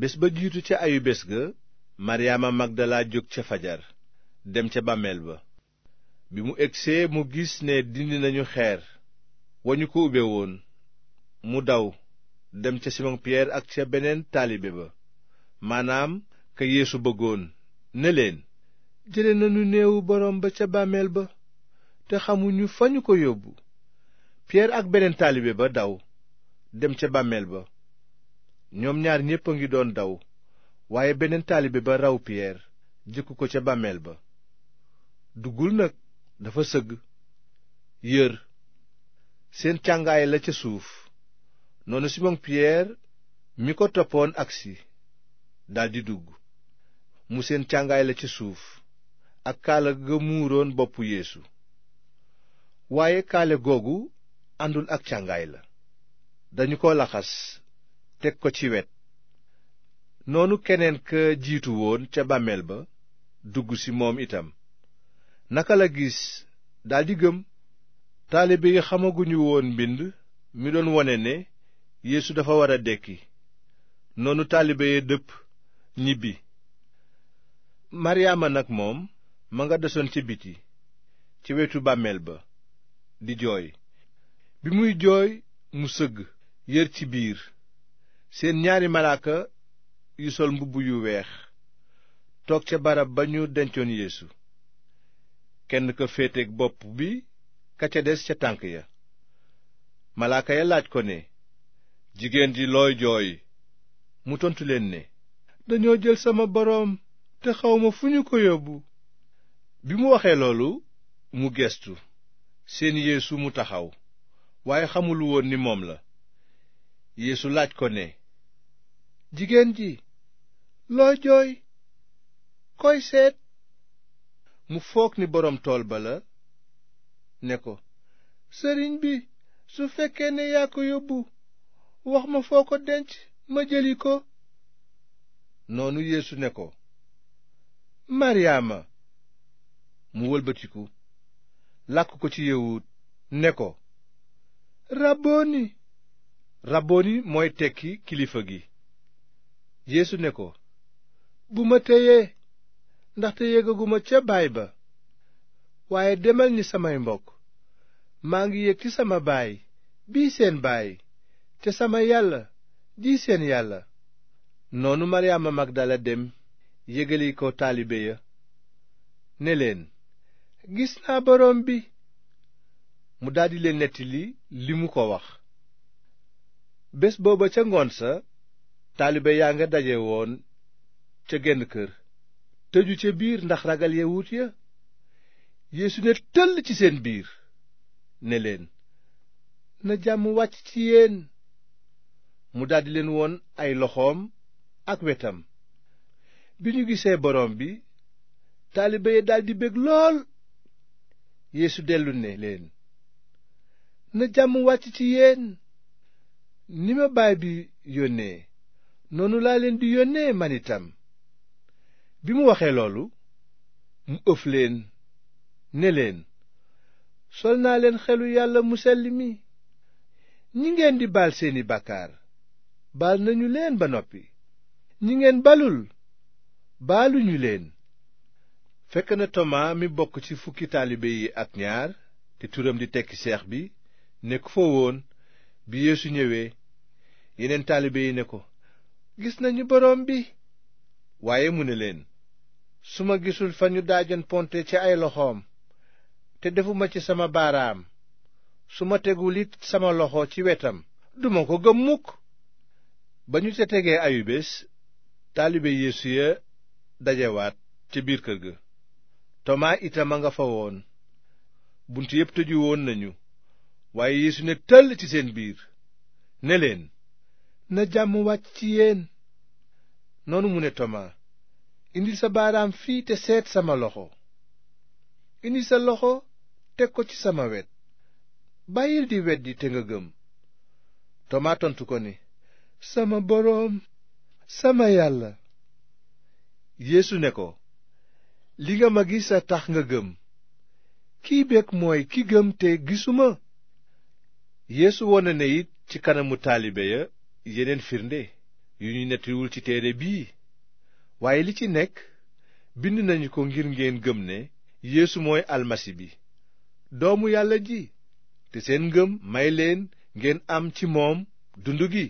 bés ba jiitu ca ayubés ga maryaama magdala jóg ca fajar dem ca bàmmeel ba bi mu egsee mu gis ne dindi nañu xeer wañu ko ube woon mu daw dem ca simon piyeer ak ca beneen taalibe ba maanaam ka yeesu bëggoon ne leen jële nañu néewu boroom ba ca bàmmeel ba te xamuñu fa ñu ko yóbbu piyeer ak beneen taalibe ba daw dem ca bàmmeel ba ñoom ñaar ñépp a ngi doon daw waaye beneen taalibe ba raw piyeer jëkku ko ca bàmmeel ba duggul nag dafa sëgg yër seen càngaay la ca suuf noonu Simon Piyeer mi ko toppoon agsi daldi dugg mu seen càngaay la ca suuf ak kaala ga muuroon boppu yéesu waaye kaale googu àndul ak càngaay la dañu ko laxas teg ko ci wet noonu keneen ka jiitu woon ca bàmmeel ba dugg ci moom itam naka la gis daldi gëm taalibe yi xamaguñu woon mbind mi doon wone ne yéesu dafa war a dekki noonu taalibe ya dëpp ñibbi maryaama nag moom ma nga desoon ca biti ca wetu bàmmeel ba di jooy bi muy jooy mu sëgg yër ci biir seen ñaari malaaka yu sol mbubb yu weex toog ca barab ba ñu dencoon yéesu kenn ka féeteeg bopp bi ka ca des ca tànk ya malaaka ya laaj ko ne jigéen ji looy jooy mu tontu leen ne dañoo jël sama boroom te xawma fu ñu ko yóbbu bi mu waxee loolu mu gestu seen yeesu mu taxaw waaye xamul woon ni moom la yéesu laaj ko ne jigéen ji loo jooy koy seet mu foog ni boroom tool ba la ne ko sëriñ bi su fekkee ne yaa ko yóbbu wax ma foo ko denc ma jëli ko noonu Yeesu ne ko Maryaama mu wëlbatiku làkk ko ci yawut ne ko rabbooni rabbooni mooy tekki kilifa gi yeesu ne ko bu ma téyee ndaxte yëgaguma ca baay ba waaye demal ni samay mbokk maa ngi yéeg ci sama baay bii seen baay ca sama yàlla di seen yàlla noonu maryaama magdala dem yégali ko taalibe ya ne leen gis naa boroom bi mu daldi leen nettali li mu ko wax bés booba ca ngoon sa taalibe yaa nga daje woon ca genn kër tëju ca biir ndax ragal yawut ya yeesu ne tëll ci seen biir ne leen na jàmm wàcc ci yéen mu daldi leen woon ay loxoom ak wetam bi ñu gisee boroom bi taalibe ya daldi bég lool yéesu dellu ne leen na jàmm wàcc ci yéen ni ma baay bi yónnee noonu laa leen di yónnee man itam bi mu waxee loolu mu ëf leen ne leen sol naa leen xelu yàlla mu sell mi ñi ngeen di baal seeni bàkkaar baal nañu leen ba noppi ñi ngeen balul baaluñu leen fekk na Tomaa mi bokk ci fukki taalibe yi ak ñaar te turam di tekki seex bi nekk fa woon bi Yeesu ñëwee yeneen taalibe yi ne ko gis nañu boroom bi waaye mu ne leen su ma gisul fa ñu daajoon ponte ci ay loxoom te defuma ci sama baaraam su ma tegul it sama loxo ci wetam duma ko gëm mukk ba ñu ca tegee ayubés taalibe yeesu ya dajewaat ca biir kër ga tomaa itam a nga fa woon bunt yépp tëju woon nañu waaye yeesu ne tëll ci seen biir ne leen na jàmm wàcc ci yéen noonu mu ne tomaa indil sa baaraam fii te seet sama loxo indil sa loxo teg ko ci sama wet bàyyil di weddi te nga gëm tomaa tontu ko ni sama boroom sama yàlla yéesu ne ko li nga ma gis a tax nga gëm kiy bég mooy ki gëm te gisuma yéesu wone na it ci kanamu taalibe ya yeneen firnde yu ñu nettiwul ci téere bii waaye li ci nekk bind nañu ko ngir ngeen gëm ne yéesu mooy almasi bi doomu yàlla ji te seen ngëm may leen ngeen am ci moom dund gi